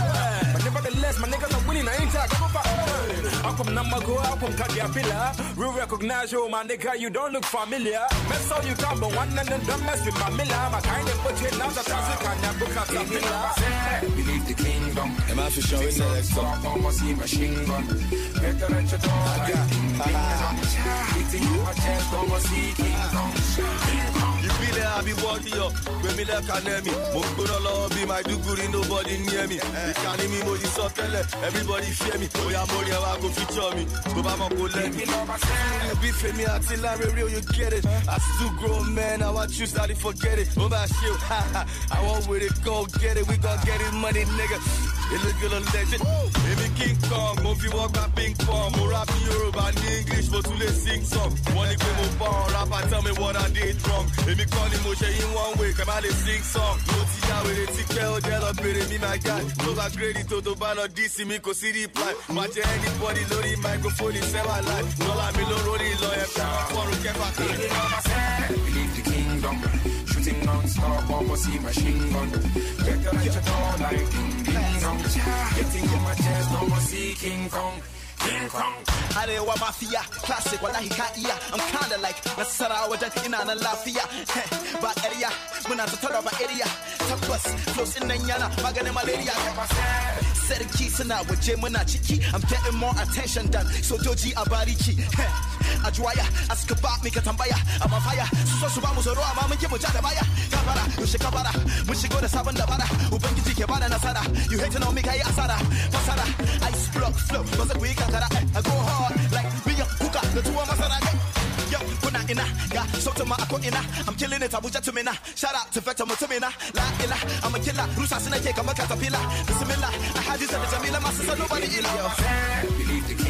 But nevertheless, my niggas are winning, I ain't talking about. I come number go, I am from your pillar. We recognize you, my nigga, you don't look familiar. Mess all you come, but one and then don't mess with my miller. My kind of Believe the kingdom. Am I for sure it's next see machine gun. Better your I got. It's in your chest. Almost see kingdom. I be worthy of. When me there, can hear me. Most good lọ́wọ́ bí my in nobody near me. Ìkànnì me, but ti sọ tẹ́lẹ̀, everybody fear me. Oh yeah, mo rí ẹwà kò feature mi, tó You be kó me, until I'm real. You get it. I still grow, man. I want to start to forget it. Mo bá ṣe I want with it, go get it, we gon get it money nigga elégélé legend. èmi king kong Move you wọ́n gba ping pong mo rap in Europe and english for tún lè sing song. One if you move ọ̀n rapper tell me what I did wrong. èmi kọ́ the mo ṣe in one way Come all lè sing song. mo ti ya wèrè tí pẹ́ ó me my guy. No got credit tó the gírèdì tó tó bá lọ díìsì mi kò sí reply. má jẹ́ anybody lórí microphone ìṣẹ́wà láì. dọ́là mi ló rórí lọ I fọ́rùn kẹfà kan. ìdílé ọmọ sẹ́ẹ̀ believe the kingdom thing non-stop up a see machine gun Get your light shut down like ding ding dong Getting on my chest now I see King Kong Arewa Mafia, classic wallahi ka iya I'm kinda like nasara wajen ina na lafiya Ba ƙarya, muna tattara ba area Tabbas, close ɗin nan yana maganin malaria Sarki suna waje muna ciki I'm getting more attention than sojoji a bariki ajuaya askaba mikatambaya ama fire so su ba mu tsoro amma mun ki mu ja baya kabara yaushe kabara mun shigo da sabon dabara ubangiji ke bada nasara you hate on me kai asara fasara ice block flow ba zai kuyi kankara eh. i go hard like biyan kuka da tuwa masara kai eh. yo kuna ina ga sautin ma ako ina i'm killing it abuja tumina shout out to vector mutumina la ila i'm a killer rusa suna ke kamar caterpillar bismillah i had you said jamila masu sanu bari ila believe the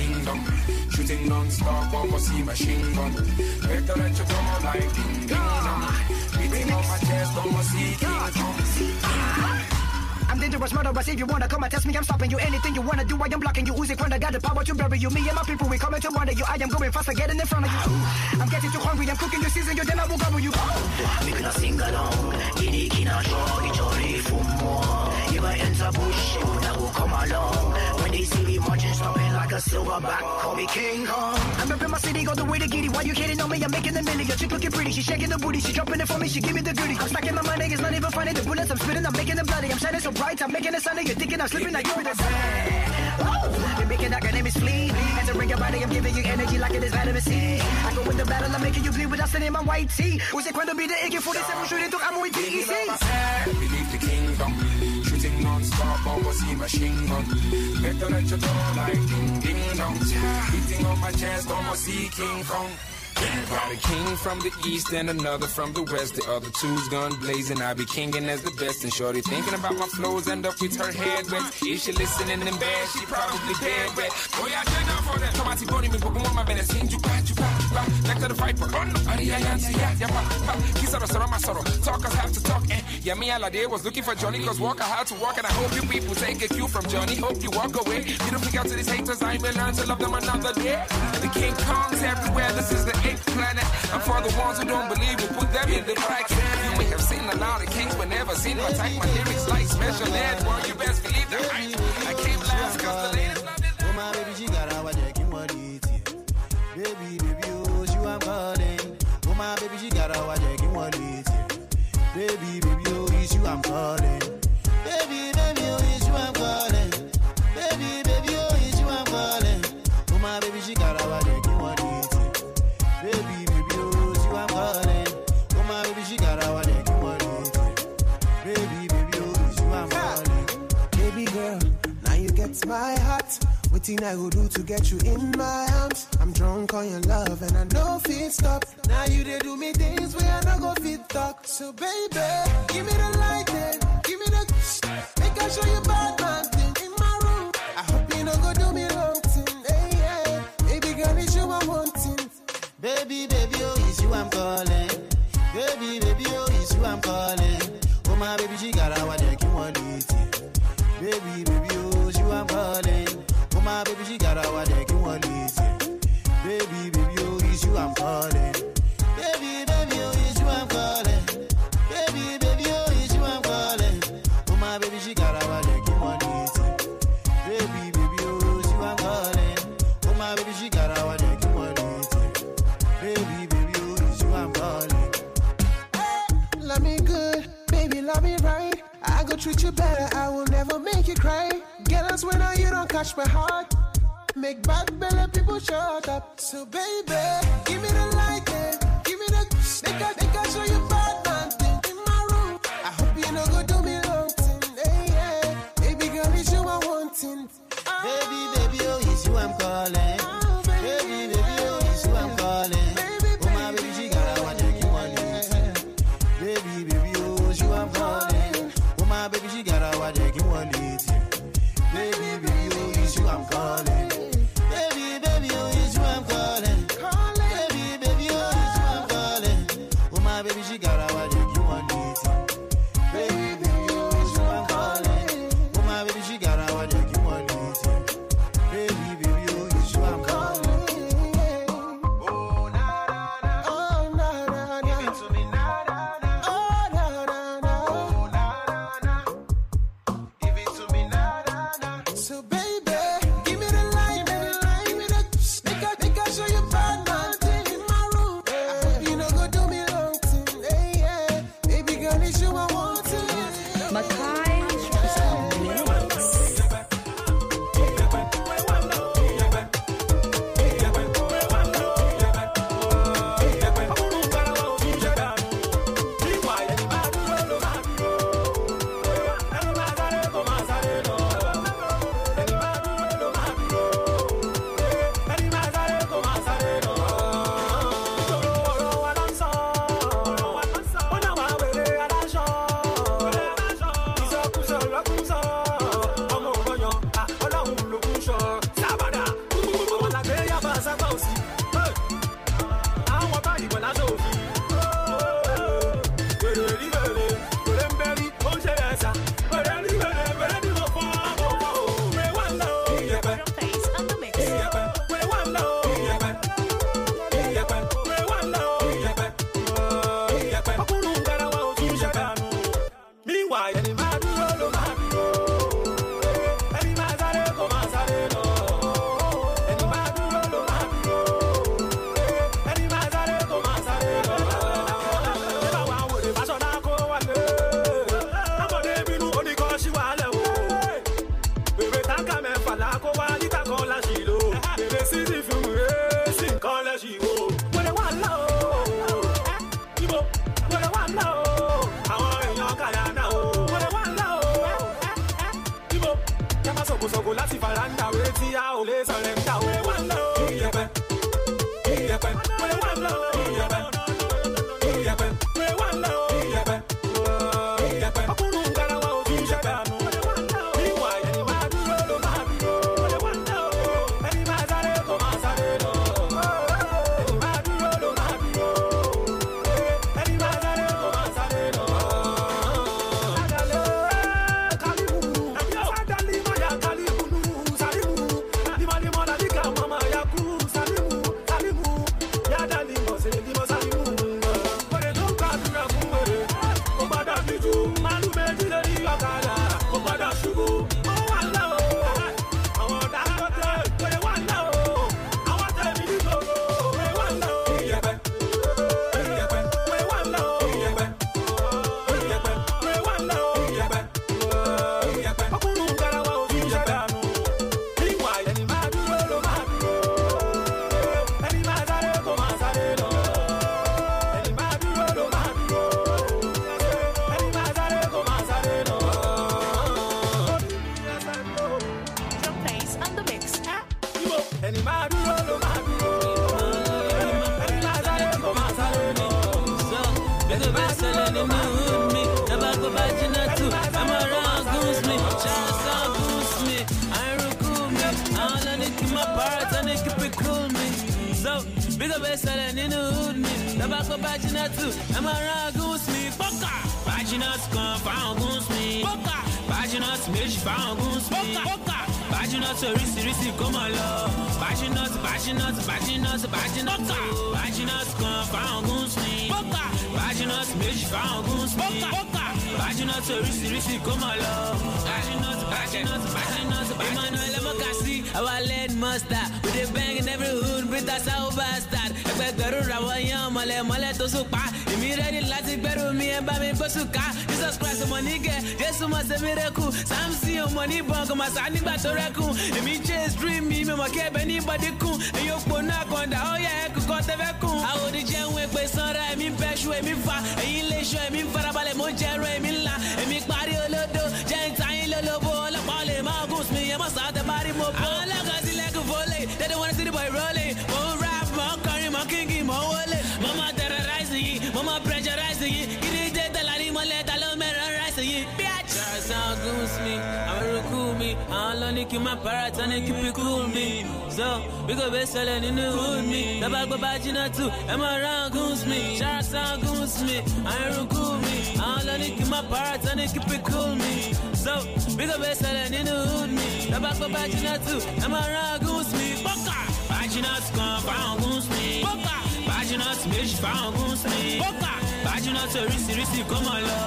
shooting non-stop, see machine gun. Better let you come like ding dong. Beating on my chest, almost see king kong. Ah! I'm dangerous, murderous. If you wanna come and test me, I'm stopping you. Anything you wanna do, I am blocking you. Uzi Quanda got the power to bury you. Me and my people, we coming to murder you. I am going faster, getting in front of you. I'm getting too hungry, I'm cooking you, season you, then I will gobble you. We gonna sing along. Giddy gina joy, joy, fumo. If I enter bush, that will come along. When they see me marching, stop it a silverback, call me King Kong. I'm repping my city go the way to Giddy. Why you hating on me? I'm making the million. Your chick looking pretty, she shaking the booty, she dropping it for me, she give me the goodie. I'm stacking my mind, It's not even funny. the bullets. I'm spitting, I'm making them bloody. I'm shining so bright, I'm making it sunny. You're thinking I'm slipping, like you're the Oh, you're making that your name is flee. As a ring your body, I'm giving you energy like it is vitamin C. I go with the battle, I'm making you bleed without sending my white tee. Usted cuando vi de AK-47 shooting through ammo y TEC. Believe the kingdom pop up, see machine gun. Better let your door like ding ding dong. Beating on my chest, almost see King Kong a king from the east and another from the west. The other two's gun blazing. I be kinging as the best. And shorty thinking about my flows end up with her head wet. If she listening in bed, she probably dead wet. Boy, I turn down for that. Tomati body me poco mama bene sinju pa ju you ju pa. Back to the viper. Oh the ari ya yeah, ya ya pa pa. Kisaro my sorrow. Talkers have to talk. And eh. yeah, me Alade was looking for Johnny cause Walker had to walk. And I hope you people take a cue from Johnny. Hope you walk away. You don't pick out to these haters. I may learn to love them another day. The King comes everywhere. This is the hate planet. And for the ones who don't believe it, put them in the bracket. You may have seen a lot of kings, but never seen my type. My lyrics like special ed. Well, you best believe that I, came last cause the latest Oh, my baby, she got our jack in what it is. Baby, baby, oh, she want garden. Oh, my baby, she got our jack in what it is. Baby, baby, oh, it's you I'm calling. Baby, baby, oh, it's you I'm calling. Baby, baby, oh, it's you I'm calling. Oh, my baby, she got a our jack. my heart. Waiting I will do to get you in my arms. I'm drunk on your love and I know fit stop. Now you they do me things where I not go fit talk. So baby, give me the light then, eh? give me the make I show you bad man thing in my room. I hope you not go do me wrong thing. Hey, yeah. Eh. baby girl it's you I'm wanting. Baby, baby oh it's you I'm calling. Baby, baby oh it's you I'm calling. Oh my baby she got a what you want it. Baby, baby. Oh. I'm calling. Oh, my baby, she got our deck in one listen. Baby, baby, oh, it's you I'm calling. Baby, baby, oh, is you I'm calling. Baby, baby, oh, is you I'm calling. Oh, my baby, she got our deck in one listen. Baby, baby, oh, is you I'm calling. Oh, my baby, she got our deck in one listen. Baby, baby, oh, is you I'm calling. Hey, love me good, baby, love me right. I go treat you better, I will never make you cry when I you don't catch my heart. Make bad belly people shut up. So baby, give me the light, eh? give me the. They can, they can show you bad man thing in my room. I hope you no go do me long thing. Hey, eh, yeah. Baby girl, it's you I'm wanting. Oh. Baby, baby, oh, it's you I'm calling. Smoke, smoke. So àṣìnàṣì oríṣiríṣi kó máa lọ. àṣìnàṣì àṣìnàṣì àṣìnàṣì emmanuel emokasi our lead master. we dey bang in every hood bring us our bastard. ẹgbẹgbẹrún ràwọ̀ yan mọ̀lẹ́mọ̀lẹ́ tó sùn pa èmi rẹ́ni láti gbẹ́rù mi ẹ bá mi gbósù ká jesus christ ọmọ nígẹ̀ jésù mọ̀ ṣe mí rẹ́kù samson ọmọ níbọn kò mà sá nígbà tó rẹ́kùn èmi chase dream mi mi mọ̀ kí ẹbẹ̀ ní bọ́dí kùn èyí ò pònú àkàndá ó yẹ ẹkùn kan tẹ́fẹ́ kùn. àwòdì jẹun èpè sanra èmi bẹ́ṣu èmi fa èyí lè ṣọ èmi farabalẹ̀ mo jẹ́rọ èmi ńlá èmi parí olódó jẹ́ ń ta yín lólobó ọlọ́pàá lè máa gùn sí mi ẹ mọ̀ sáà tẹ parí mo bó. àwọn ọlọ́kàn sí lẹ́kùn fólè dédé wọn sí ìbò ìrólè mò ń rap mò ń kọrin mò ń kíngì mò ń wọlé. mo máa terrorize yìí mo máa pressurize yìí kí jẹ́ tẹ̀lá ní mọ́lẹ̀ ta ló mẹ́rán rice yìí. bí a jẹ́ àwọn sound mi àwọn eruku mi àwọn lọ́ní kí n má para tán ní kí pikú mi thumbs up. We go best selling in the hood, me. The bag by Gina too. Am I around goons me? Shout sound goons me. I ain't cool me. I don't like keep my parts and they keep it cool me. So, we go best selling in the hood, me. The bag by Gina too. Am I around goons me? Fucker! Vagina's gone, found goons me. Fucker! Bajinot méjì fáwọn gúnsìn. Bọ́kà. Bajinot oríṣiríṣi kó mọ̀ lọ.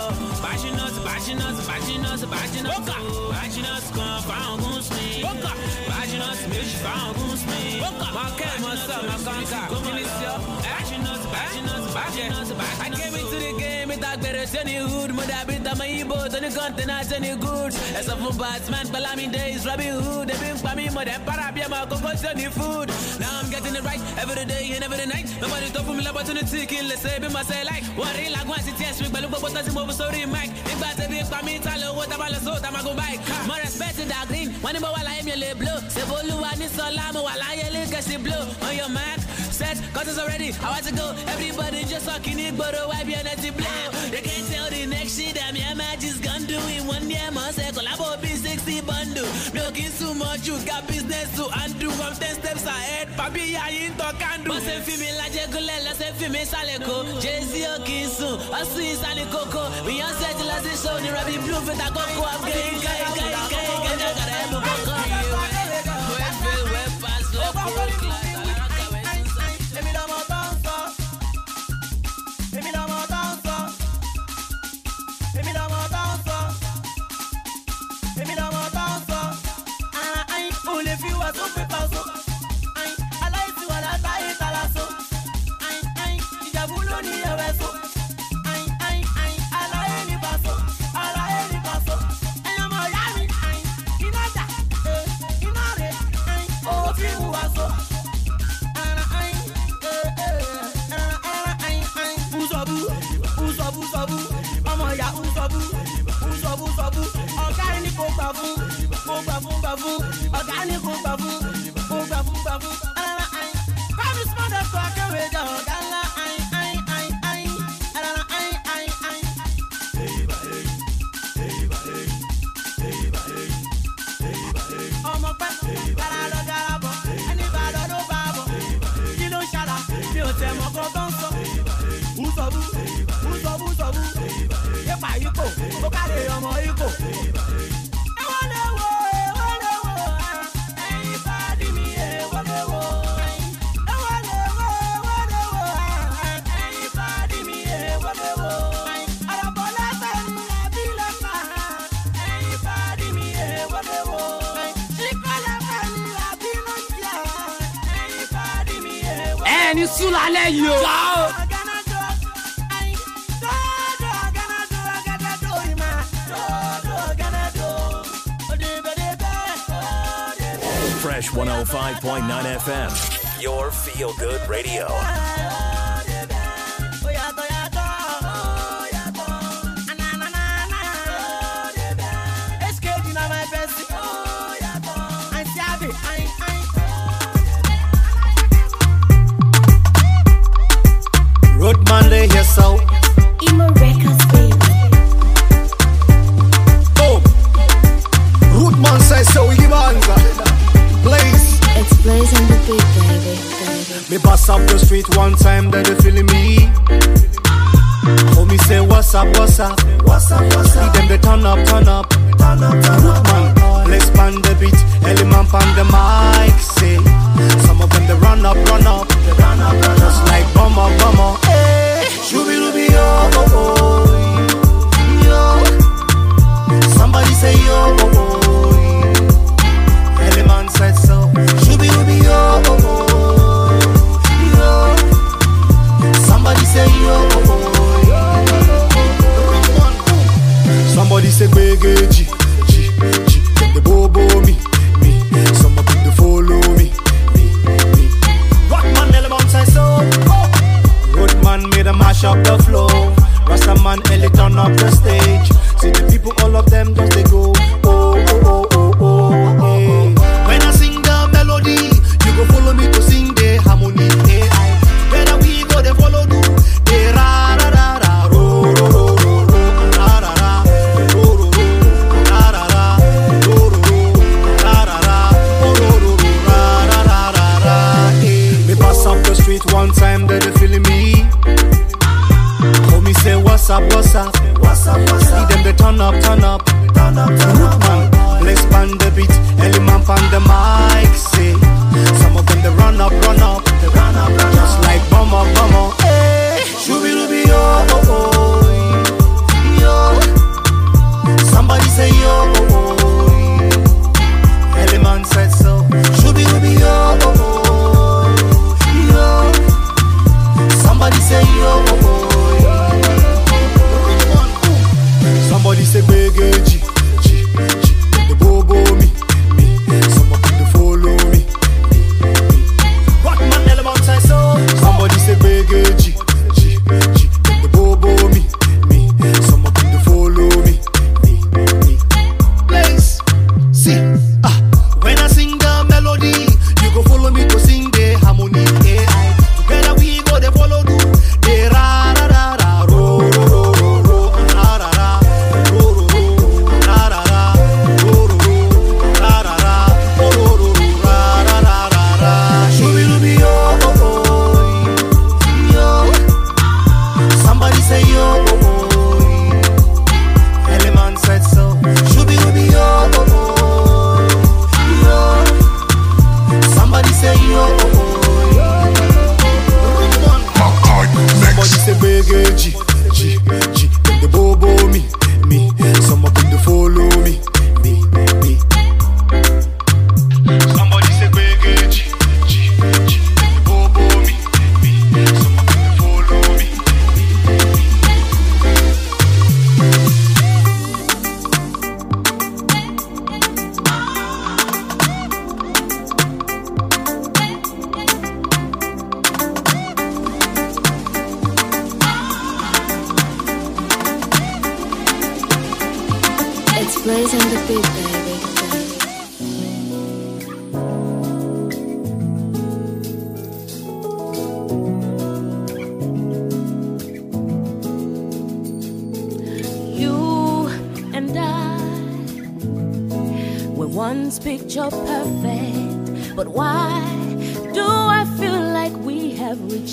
Bajinot Bajinot Bajinot Bajinot. Bọ́kà. Bajinot kan fáwọn gúnsìn. Bọ́kà. Bajinot méjì fáwọn gúnsìn. Bọ́kà. Mọ̀kẹ́ mọ̀sán mọ̀kànkà. Kí ni sọ? Bajinot Bajinot Bajinot Bajinot. I came into the Talk better, Hood. Mother my boat I As a fun man, days, Hood. They for me, mother, food. Now I'm getting it right every day and every night. Nobody talk for me, love opportunity, kill, let's say, be myself like. What real, like, once it's yes, we better but that's the sorry, If I say, if I meet, I know what about am soul so, I'm going to buy. My respect to that green. When I'm I am, you'll blow. Say, Bolu, I need Solamo, while I yell, blue On your mark cause it's already I want to go. Everybody just talking it, but a wipe your dirty blow. They can't tell the next shit that me and my just gonna do in one year, my circle. I B60 bundle. Milking too much, you got business to undo. I'm 10 steps ahead, papi, I ain't talk and do. Must fi me la jegule, la se fi me saleko. Jay-Z o kinsu, osu isali koko. Beyonce ti la se show ni rabi blue fit a cocoa. I'm getting gay, gay, gay, gay, gay, gay, gay, gay, gay, gay, gay, gay, gay, gay, gay, gay, Cause we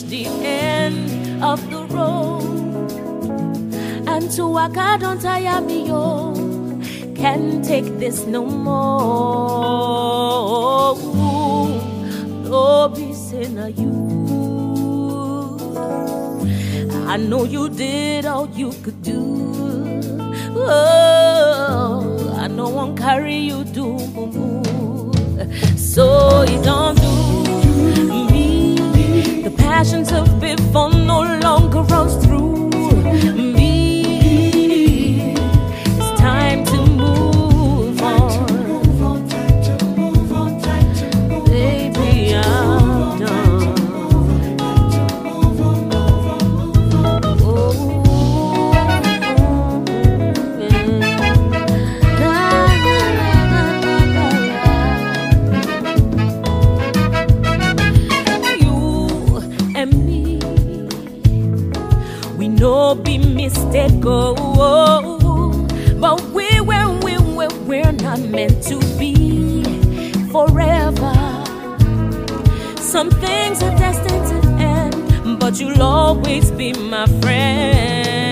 reached the end of the road. And to waka out on tire me, Can't take this no more. Ooh, no oh, be sinner, you. I know you did all you could do. Oh, I know I'm carry you do. So it don't do passions of before no longer runs through. go. Oh. But we were, we were, we're not meant to be forever. Some things are destined to end, but you'll always be my friend.